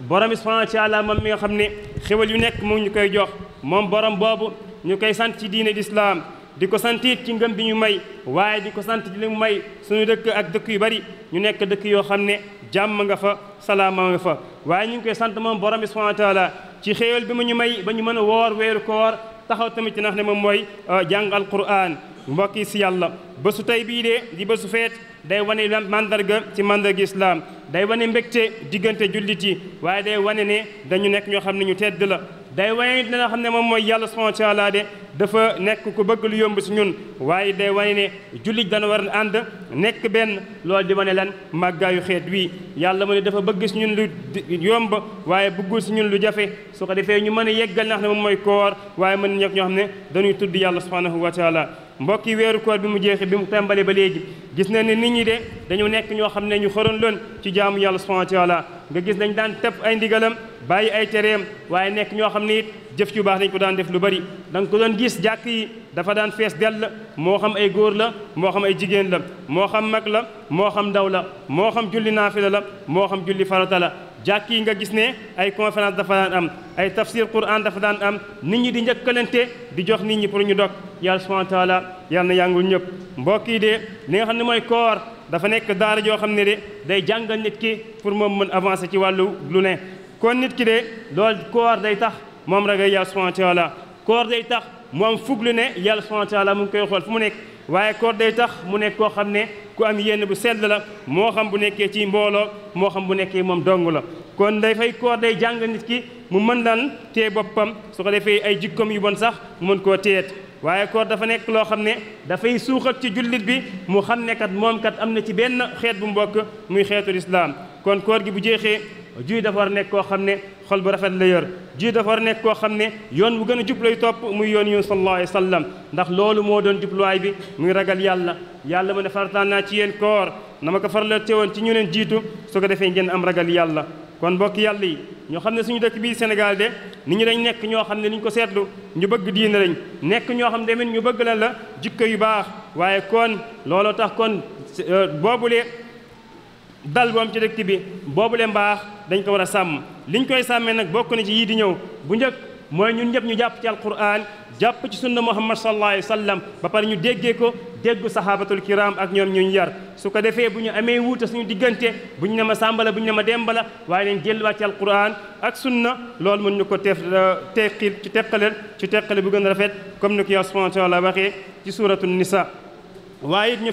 borom bi subhaanahu wa taala moom mi nga xam ne xéwal yu nekk mu ñu koy jox moom borom boobu ñu koy sant ci diine lislaam di ko sant it ci ngëm bi ñu may waaye di ko sant ci li mu may suñu dëkk ak dëkk yu bari ñu nekk dëkk yoo xam ne jàmm nga fa salaama nga fa waaye ñu ngi koy sant moom borom bi subhaanahu wa taala ci xéwal bi mu ñu may ba ñu mën a woor weeru koor taxaw tamit ci nax ne moom mooy euh, jàng alquran mbokk yi si yàlla bésu tey bii de di bésu feet day wane màndarga ci mandarga islam day wane mbégte diggante jullit yi waaye day wane ne dañu nekk ñoo xam ne ñu tedd la day wane ne dina xam ne moom mooy yàlla subhanahu wa de dafa nekk ku bëgg lu yomb si ñun waaye day wane ne jullit dana war a ànd nekk benn lool di wane lan màggaayu xeet wii yàlla ma ne dafa bëgg si ñun lu yomb waaye bëggul si ñun lu jafe su ko defee ñu mën a yeggal na xam ne moom mooy koor waaye mën ñëpp ñoo xam ne dañuy tudd yàlla subhanahu wa taala mbokk yi weeru koor bi mu jeexee bi mu tàmbale ba léegi gis na ne nit ñi de dañu nekk ñoo xam ne ñu xoroon loon ci jaamu yàlla subhanahu wa taala nga gis dañ daan tëpp ay ndigalam bàyyi ay tereem waaye nekk ñoo xam ne it jëf ci baax dañ ko daan def lu bari da ko doon gis jàkk yi dafa daan fees dell moo xam ay góor la moo xam ay jigéen la moo xam mag la moo xam ndaw la moo xam julli naafila la moo xam julli farata la jàkk yi nga gis ne ay conférence dafa daan am ay tafsir quran dafa daan am nit ñi di njëkkalante di jox nit ñi pour ñu dog yàlla subhanahu wa taala yàlla na yàngul ñëpp mbokk yi de li nga xam ne mooy koor dafa nekk daara joo xam ne de day jàngal nit ki pour moom mën avancé ci wàllu lu ne kon nit ki de loolu koor day tax moom ragal yàlla subhanahu wa taala koor day tax moom fuglu ne yàlla subhanahu wa mu ngi koy xool fu mu nekk waaye koor day tax mu nekk koo xam ne ku am yenn bu sedd la moo xam bu nekkee ci mbooloo moo xam bu nekkee moom dong la kon day fay koor day jàng nit ki mu mën lan tee boppam su ko defee ay jikkoom yu bon sax mu mën koo teet waaye koor dafa nekk loo xam ne dafay suuxat ci jullit bi mu xam ne kat moom kat am na ci benn xeet bu mbokk muy xeetu lislaam kon koor gi bu jeexee juy dafa war nekk koo xam ne xol bu rafet la yor juy dafa war nekk koo xam ne yoon bu gën a jub lay topp muy yoon yu sallallahu alayhi wa sallam ndax moo doon jubluwaay bi muy ragal yàlla yàlla mu ne fartaan naa ci yéen koor na ma ko farla woon ci ñu neen jiitu su ko defee ngeen am ragal yàlla kon mbokk yàlla yi ñoo xam ne suñu dëkk bii Sénégal de nit ñi dañ nekk ñoo xam ne li ko seetlu ñu bëgg diine lañ nekk ñoo xam ne tamit ñu bëgg la la jikko yu baax waaye kon looloo tax kon euh, boobulee dal boom ci dëkk bi boobule mbaax dañ ko war a sàmm liñ koy sàmmee nag bokk na ci yii di ñëw bu njëkk mooy ñun ñëpp ñu jàpp ci alquran jàpp ci sunna muhammad sallallahu alayhi wa sallam ba pare ñu déggee ko déggu sahabatul kiram ak ñoom ñu yar su ko defee bu ñu amee wuute suñu diggante bu ñu ne ma sàmbala bu ñu ne ma dembala waaye leen jëlluwaat ci alquran ak sunna loolu mën ñu ko teef euh, teqil ci teqaleel ci teqale bu gën a rafet comme ni ko yow subhanahu wa taala waxee ci suratu nisa waaye it ñu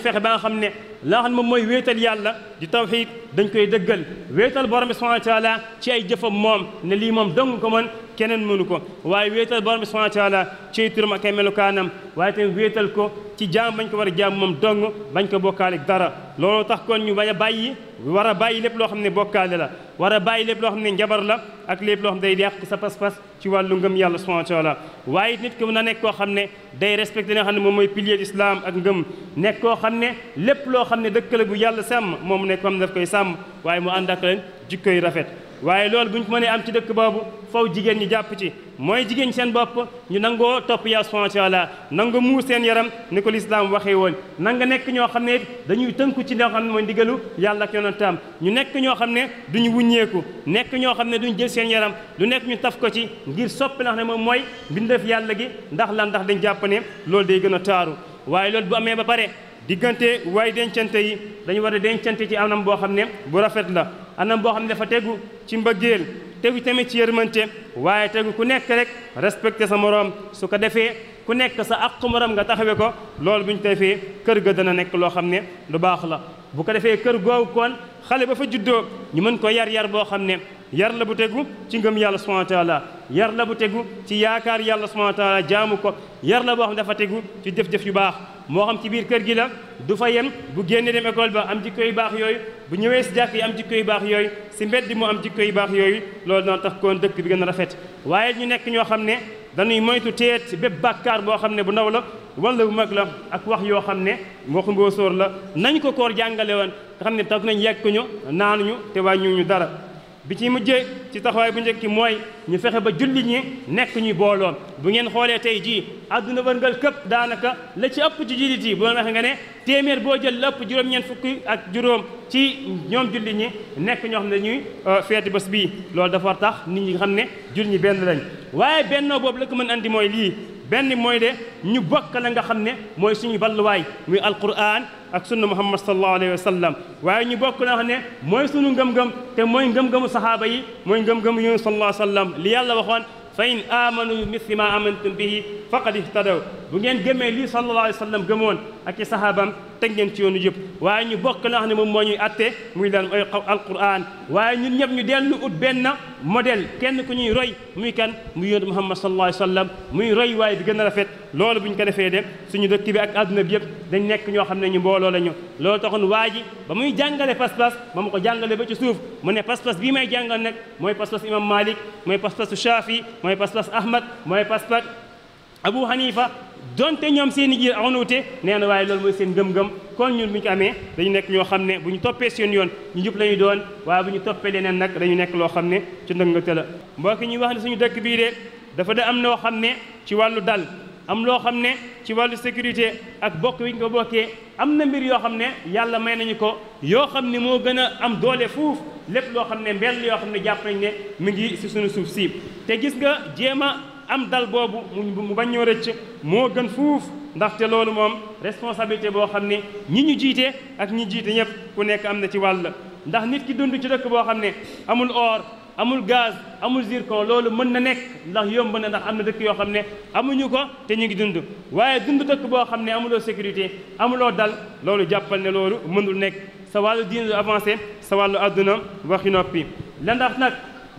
la xam moom mooy wéetal yàlla di tawxiid dañ koy dëggal wéetal borom bi subhaanahu wa taala ci ay jëfam moom ne lii moom dong ko mën keneen mënu ko waaye wéetal borom bi subhanahu wa taala ci turam ak ay melukaanam waaye tamit wéetal ko ci jaam bañ ko war a jaam moom dong bañ ko bokkaale dara loolu tax kon ñu bañ a bàyyi war a bàyyi lépp loo xam ne bokkaale la war a bàyyi lépp loo xam ne njabar la ak lépp loo xam ne day yàq sa pas-pas ci wàllu ngëm yàlla subhanahu wa taala waaye nit ko mën a nekk koo xam ne day respecté li xam ne moom mooy pilier islam ak ngëm nekk koo xam ne lépp loo xam ne dëkkale bu yàlla sàmm moom nekk ko xam koy sàmm waaye mu ànd ak leen jikko yu rafet waaye loolu bu ñu ko mënee am ci dëkk boobu faw jigéen ñi jàpp ci mooy jigéen seen bopp ñu nangoo topp yaa subhanahu wa taala nanga muu seen yaram ni ko lislaam waxee woon nanga nekk ñoo xam ne dañuy tënku ci loo xam ne mooy ndigalu yàlla ak yonentam ñu nekk ñoo xam ne du ñu wuññeeku nekk ñoo xam ne duñu jël seen yaram lu nekk ñu taf ko ci ngir soppe ndax ne moom mooy mbindeef yàlla gi ndax lan ndax dañ jàpp ne loolu day gën a taaru waaye loolu bu amee ba pare diggante waay dencante yi dañu war a dencante ci anam boo xam ne bu rafet la anam boo xam ne dafa tegu ci mbëggeel tegu tamit ci yërmante waaye tegu ku nekk rek respecté sa moroom su ko defee ku nekk sa àqu moroom nga taxawee ko loolu bu ñu defee kër ga dana nekk loo xam ne lu baax la bu ko defee kër googu kon xale ba fa juddoo ñu mën ko yar yar boo xam ne yar la bu tegu ci ngëm yàlla subhanahu wa yar la bu tegu ci yaakaar yàlla subhanahu jaamu ko yar la boo xam ne dafa tegu ci jëf-jëf yu baax moo xam ci biir kër gi la du fa yem bu génnee dem école ba am jikko yu baax yooyu bu ñëwee si jàkk yi am jikko yu baax yooyu si mbedd mu am jikko yu baax yooyu loolu dana tax koon dëkk bi gën a rafet waaye ñu nekk ñoo xam ne dañuy moytu teet bépp bàkkaar boo xam ne bu ndaw la wala bu mag la ak wax yoo xam ne waxu mbóosóor la nañ ko koor jàngale woon xam ne tax nañ yàgg ñu naanuñu te wàññiwuñu dara bi ci mujjee ci taxawaay bu njëkk mooy ñu fexe ba julli ñi nekk ñuy booloon bu ngeen xoolee tey jii àdduna wërngal këpp daanaka la ci ëpp ci jullit yi bu doon waxee nga ne téeméer boo jël la ëpp juróom-ñeent fukki ak juróom ci ñoom jullit ñi nekk ñoo xam ne ñuy euh, feeti bés bii loolu dafa tax nit ñi nga xam ne jullit ñi benn lañ waaye bennoo benn mooy de ñu bokk la nga xam ne mooy suñu balluwaay muy alquran ak sunna muhammad sallallahu alayhi wa sallam waaye ñu bokk la nga xam ne mooy suñu ngëm-ngëm te mooy ngëm-ngëmu saxaaba yi mooy ngëm-ngëmu yonent sallallahu alayhi wa sallam li yàlla waxoon fa in amanu bi misli ma amantum bihi faqad ihtadaw bu ngeen gëmee lii sallallahu alayhi wa sallam gëmoon ak i sahaabam teg ngeen ci yoonu yëpp waaye ñu bokk la xam ne moom moo ñuy atte muy lan ay alquran waaye ñun ñëpp ñu dellu ut benn modèle kenn ku ñuy roy muy kan muy yónent Muhammad sallallahu alayhi muy roy waaye di gën a rafet loolu bu ñu ko defee de suñu dëkk bi ak adduna bi yëpp dañ nekk ñoo xam ne ñu mbooloo ñu loolu taxoon waa ji ba muy jàngale pas-pas ba mu ko jàngale ba ci suuf mu ne pas mooy pas-pas imam Malik mooy pas-pasu Shafi mooy pas-pas Ahmad mooy pas donte ñoom seen i jiir aw na wute nee na waaye loolu mooy seen gëm-gëm kon ñun bu ñu ko amee dañu nekk ñoo xam ne bu ñu toppee seen yoon ñu jub la ñu doon waaye bu ñu toppee leneen nag dañu nekk loo xam ne ci ndëng te la mbokk ñuy wax ne suñu dëkk bii de dafa da am loo xam ne ci wàllu dal am loo xam ne ci wàllu sécurité ak bokk wiñ ko bokkee am na mbir yoo xam ne yàlla may nañu ko yoo xam ne moo gën a am doole fuuf lépp loo xam ne mbell yoo xam ne jàpp nañ ne mu ngi si suñu suuf si te am dal boobu mu bañ ñoo rëcc moo gën fuuf te loolu moom responsabilité boo xam ne ñi ñu jiite ak ñu jiite ñëpp ku nekk am na ci wàll ndax nit ki dund ci dëkk boo xam ne amul or amul gaz amul zircon loolu mën na nekk ndax yomb na ndax am na dëkk yoo xam ne amuñu ko te ñu ngi dund waaye dund dëkk boo xam ne amuloo sécurité amuloo dal loolu jàppal ne loolu mënul nekk sa wàllu diine lu avancé sa wàllu àdduna waxi noppi la ndax nag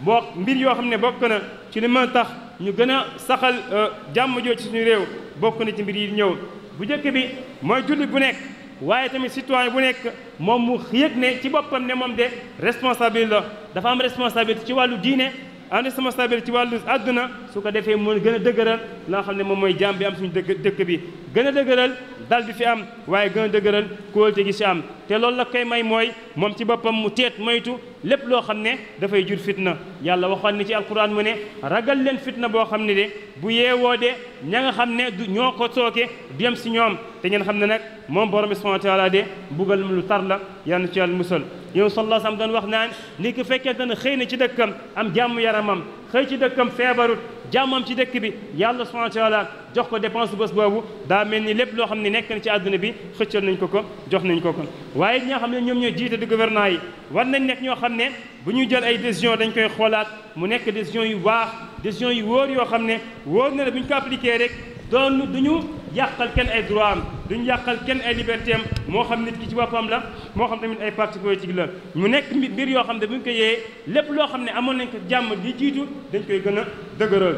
boo mbir yoo xam ne bokk na ci li tax ñu gën a saxal euh, jàmm joo ci suñu réew bokk na ci mbir yi ñëw bu njëkk bi mooy jullit bu nekk waaye tamit citoyen bu nekk moom mu yëg ne ci boppam ne moom de responsabilité la dafa am responsabilité ci wàllu diine indispensable ci wàllu àdduna su ko defee moo gën a dëgëral loo xam ne moom mooy jàmm bi am suñu dëkk dëkk bi gën a dëgëral dal bi fi am waaye gën a dëgëral kóolte gi si am te loolu la koy may mooy moom ci boppam mu teet moytu lépp loo xam ne dafay jur fitna yàlla waxoon ni ci alquran mu ne ragal leen fitna boo xam ne de bu yeewoo de ña nga xam ne du ñoo ko sooke du yem si ñoom te ngeen xam ne nag moom borom bi subhanahu wa taala de mbugal lu tar la yal na ci yàlla musal yow sallallahu alayhi wa sallam doon wax naan ni ki fekkente ne xëy na ci dëkkam am jàmm yaramam xëy ci dëkkam feebarut jàmmam ci dëkk bi yàlla subhanahu wa jox ko dépense bés boobu daa mel ni lépp loo xam ne nekk na ci àdduna bi xëccal nañ ko ko jox nañ ko ko waaye ñi nga xam ne ñoom ñoo jiite di gouvernement yi war nañ nekk ñoo xam ne bu ñuy jël ay décision dañu koy xoolaat mu nekk décision yu baax décision yu wóor yoo xam ne wóor na ne bu ñu ko appliqué rek doon duñu yàqal kenn ay droit am duñu yàqal kenn ay liberté moo xam nit ki ci boppam la moo xam tamit ay parti politique la mu nekk mbir yoo xam ne bu ñu ko yee lépp loo xam ne amoon nañ ko jàmm di jiitu dañ koy gën a dëgëral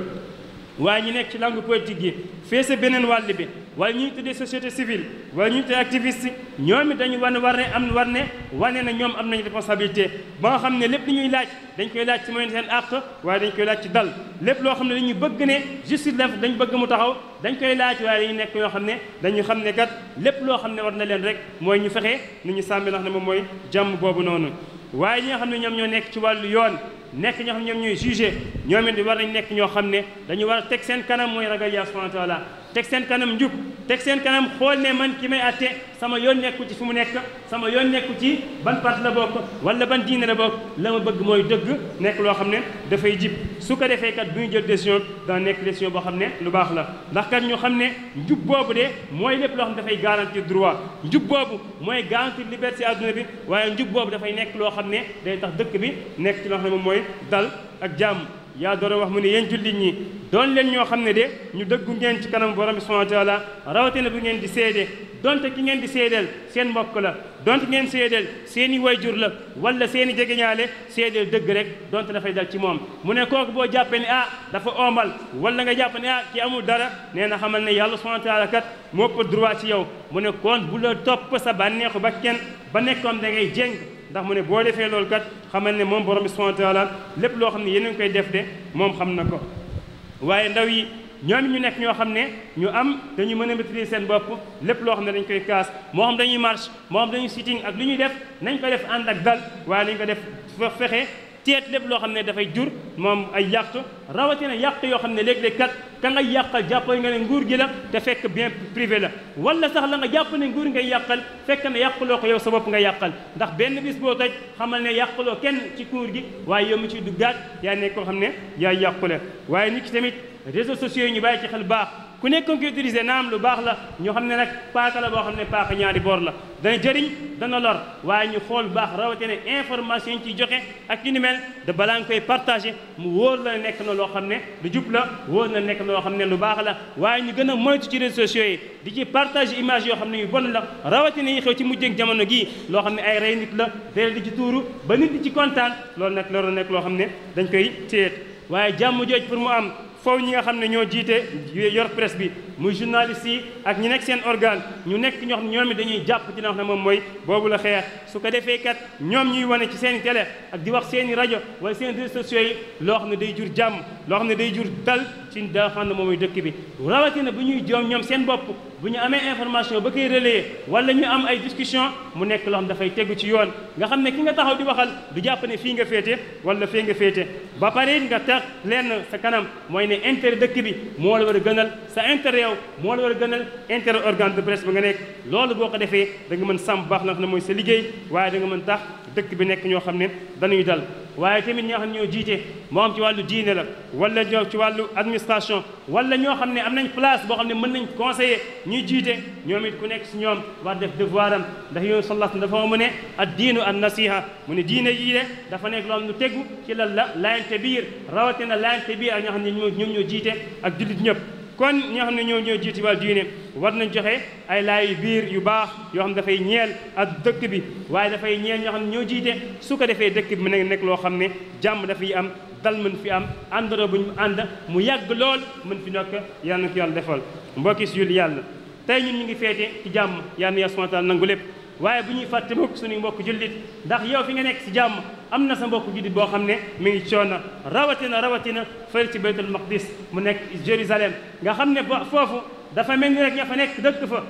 waaye ñu nekk ci langue politique yi feese beneen wàll bi wala ñu tuddee société civile wala ñu tuddee activiste ñoom it dañu ne war ne am war ne wane na ñoom am nañu responsabilité ba nga xam ne lépp li ñuy laaj dañ koy laaj ci moyen seen àq waaye dañ koy laaj ci dal lépp loo xam ne dañu bëgg ne justice def dañ bëgg mu taxaw dañ koy laaj waaye ñu nekk ñoo xam ne dañu xam ne kat lépp loo xam ne war na leen rek mooy ñu fexe nu ñu sàmmi ndax ne moom mooy jàmm boobu noonu waaye ñi nga xam ne ñoom ñoo nekk ci wàllu yoon nekk ñoo xam ñooy jugé ñoom it war nañ nekk ñoo xam ne dañu war teg seen kanam mooy ragal yàlla subhanahu wa teg seen kanam njub teg seen kanam xool ne man ki may atte sama yoon nekku ci fu mu nekk sama yoon nekku ci ban part la bokk wala ban diine la bokk la ma bëgg mooy dëgg nekk loo xam ne dafay jib su ko defee kat bu ñu jël décision daan nekk décision boo xam ne lu baax la ndax kat ñu xam ne njub boobu de mooy lépp loo xam ne dafay garantir droit njub boobu mooy garantir liberté adduna bi waaye njub boobu dafay nekk loo xam ne day tax dëkk bi nekk ci loo xam moom mooy dal ak jàmm yaa doon wax mu ne yéen jullit ñi doon leen ñoo xam ne de ñu dëggu ngeen ci kanam borom bi subhanahu wa rawatina bu ngeen di seede donte ki ngeen di seedeel seen mbokk la donte ngeen seedeel seen i wayjur la wala seen i jegeñaale seedeel dëgg rek donte dafay dal ci moom mu ne kooku boo jàppee ne ah dafa omal wala nga jàpp ne ah ki amul dara nee na xamal ne yàlla subhanahu wa taala kat moo ëpp droit ci yow mu ne kon bu la topp sa bànneexu ba kenn ba nekkoon da ngay jéng ndax mu ne boo defee loolu kat xamal ne moom borom bi subhanahu wa lépp loo xam ne yéen a koy def de moom xam na ko waaye ndaw yi ñoom ñu nekk ñoo xam ne ñu am dañuy mën a maîtriser seen bopp lépp loo xam ne dañ koy kaas moo xam dañuy marche moo xam dañuy sitting ak lu ñuy def nañ ko def ànd ak dal waaye nañ ko def fexe teet lépp loo xam ne dafay jur moom ay yàq rawatina yàq yoo xam ne léeg-léeg kat ka nga yàqal jàppal nga ne nguur gi la te fekk bien privé la wala sax la nga jàpp ne nguur ngay yàqal fekk na yàquloo ko yow sa bopp nga yàqal ndax benn bis boo toj xamal ne yàqaloo kenn ci nguur gi waaye yow mi ciy duggaat yaa nekk koo xam ne yaa yàqule waaye nit ki tamit réseaux sociaux yi ñu bàyyi ci xel baax ku nekk nga koy utiliser naam lu baax la ñu xam ne nag paaka la boo xam ne paaka ñaari boor la dana jëriñ dana lor waaye ñu xool baax rawatina information yi ñu ciy joxe ak yu ni mel de balaa nga koy partagé mu wóor la nekk na loo xam ne lu jub la wóor la nekk na loo xam ne lu baax la waaye ñu gën a moytu ci réseaux sociaux yi di ci partagé image yoo xam ne yu bon la rawatina yi xew ci mujjeg jamono gii loo xam ne ay rey nit la dee di ci tuuru ba nit ci kontaan loolu nag loolu nekk loo xam ne dañ koy téyeet faw ñi nga xam ne ñoo jiite yor presse bi muy journaliste yi ak ñi nekk seen organe ñu nekk ñoo xam ne ñoom it dañuy jàpp dina li nga xam ne moom mooy boobu la xeex su ko defee kat ñoom ñuy wane ci seen i ak di wax seen i rajo wala seen réseaux sociaux yi loo xam ne day jur jàmm loo xam ne day jur tal ci daa xam ne moom mooy dëkk bi rawatina bu ñuy joom ñoom seen bopp bu ñu amee information ba koy relayer wala ñu am ay discussion mu nekk loo xam dafay tegu ci yoon nga xam ne ki nga taxaw di waxal du jàppane ne fii nga féete wala fii nga féete ba pare nga tax lenn sa kanam mooy ne intérêt dëkk bi moo la war a gënal sa intérêt yow moo la war a gënal intérêt organe de presse ba nga nekk loolu boo ko defee danga mën sàmm baax na mooy sa liggéey waaye da nga mën tax dëkk bi nekk ñoo xam ne dañuy dal waaye tamit ñoo xam ñoo jiite moo am ci wàllu diine la wala ñoo ci wàllu administration wala ñoo xam ne am nañ place boo xam ne mën nañ conseiller ñuy jiite ñoom it ku nekk si ñoom war def devoir am ndax yoon sallallahu alayhi dafa mu ne ad diinu an nasiha mu ne diine jii dafa nekk loo xam tegu ci la la laayante biir rawatina laayante biir ak ñoo xam ne ñoo ñoom ñoo jiite ak jullit ñëpp kon ñi nga xam ne ñoo ñoo jiiti wàllu diine war nañ joxe ay laay biir yu baax yoo xam ne dafay ñeel ak dëkk bi waaye dafay ñeel ñoo xam ne ñoo jiite su ko defee dëkk bi mën na nekk loo xam ne jàmm dafay am dal mën fi am àndoro bu ñu ànd mu yàgg lool mën fi nokk yàlla na ko yàlla defal mbokki si julli yàlla tey ñun ñu ngi feete ci jàmm yàlla na yàlla subhanahu wa nangu lépp waaye bu ñuy fàtte mukk suñu mbokk jullit ndax yow fi nga nekk si jàmm am na sa mbokk jullit boo xam ne mi ngi coono rawatina rawatina fële ci baytul maqdis mu nekk Jérusalem nga xam ne ba foofu dafa mel ni rek ña fa nekk dëkk fa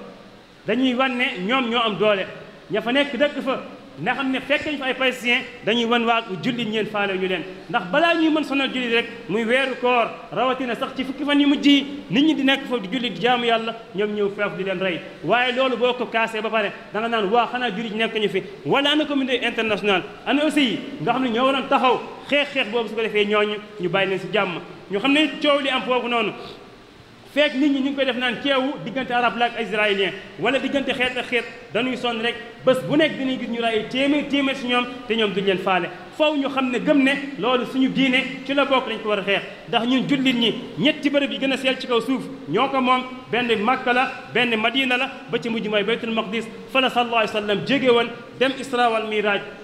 dañuy wan ne ñoom ñoo am doole ña fa nekk dëkk fa nga xam ne fekk nañ fa ay palestiniens dañuy wan waa jullit ñeen faale ñu leen ndax balaa ñuy mën sonal julli rek muy weeru koor rawatina sax ci fukki fan yu mujj yi nit ñi di nekk foofu di julli di jaamu yàlla ñoom ñëw feef di leen rey waaye loolu boo ko kaasee ba pare da naan waa xanaa jullit nekk ñu fi wala ana communauté internationale ana aussi yi nga xam ne ñoo waroon taxaw xeex-xeex boobu su ko defee ñooñu ñu bàyyi leen si jàmm ñu xam ne coow li am foofu noonu fekk nit ñi ñu ngi koy def naan keewu diggante arab la ak israélien wala diggante xeet xeet dañuy sonn rek bés bu nekk dinañ gis ñu rey téeméer téeméer si ñoom te ñoom duñ leen faale faw ñu xam ne gëm ne loolu suñu diine ci la bokk dañ ko war a xeex ndax ñun jullit ñi ñetti bërëb yi gën a seel ci kaw suuf ñoo ko moom benn Makka la benn Madina la ba ci mujj mooy baytul maqdis fa la sallallahu alayhi wa sallam jóge woon dem isra wal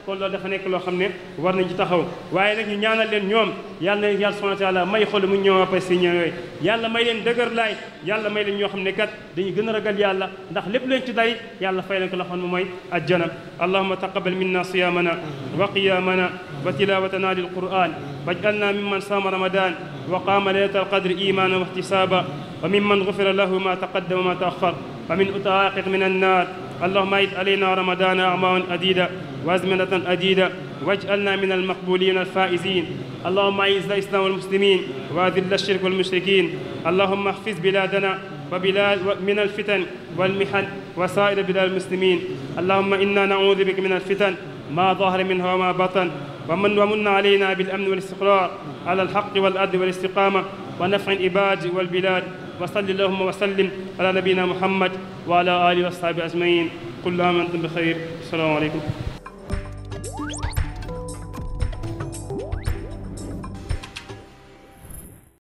kon loolu dafa nekk loo xam ne war nañ ci taxaw waaye nag ñu ñaanal leen ñoom yàlla na yàlla subhanahu wa taala may xol mu ñëw apa si ñooy yàlla may leen dëgër laay yàlla may leen ñoo xam ne kat dañu gën a ragal yàlla ndax lépp leen ci yàlla fay ko loo xam ne الجنة اللهم تقبل منا صيامنا وقيامنا وتلاوتنا للقرآن واجعلنا ممن صام رمضان وقام ليلة القدر إيمانا واحتسابا وممن غفر له ما تقدم وما تأخر ومن أتعاقد من النار اللهم أعد علينا رمضان أعمالا أديدة وأزمنة أديدة واجعلنا من المقبولين الفائزين اللهم أعز الإسلام والمسلمين وأذل الشرك والمشركين اللهم احفظ بلادنا وبلاد من الفتن والمحن وسائر بلاد المسلمين اللهم إنا نعوذ بك من الفتن ما ظهر منها وما بطن ومن ومن علينا بالأمن والاستقرار على الحق والأرض والاستقامة ونفع الإباج والبلاد وصل اللهم وسلم على نبينا محمد وعلى آله وصحبه أجمعين كل عام وأنتم بخير السلام عليكم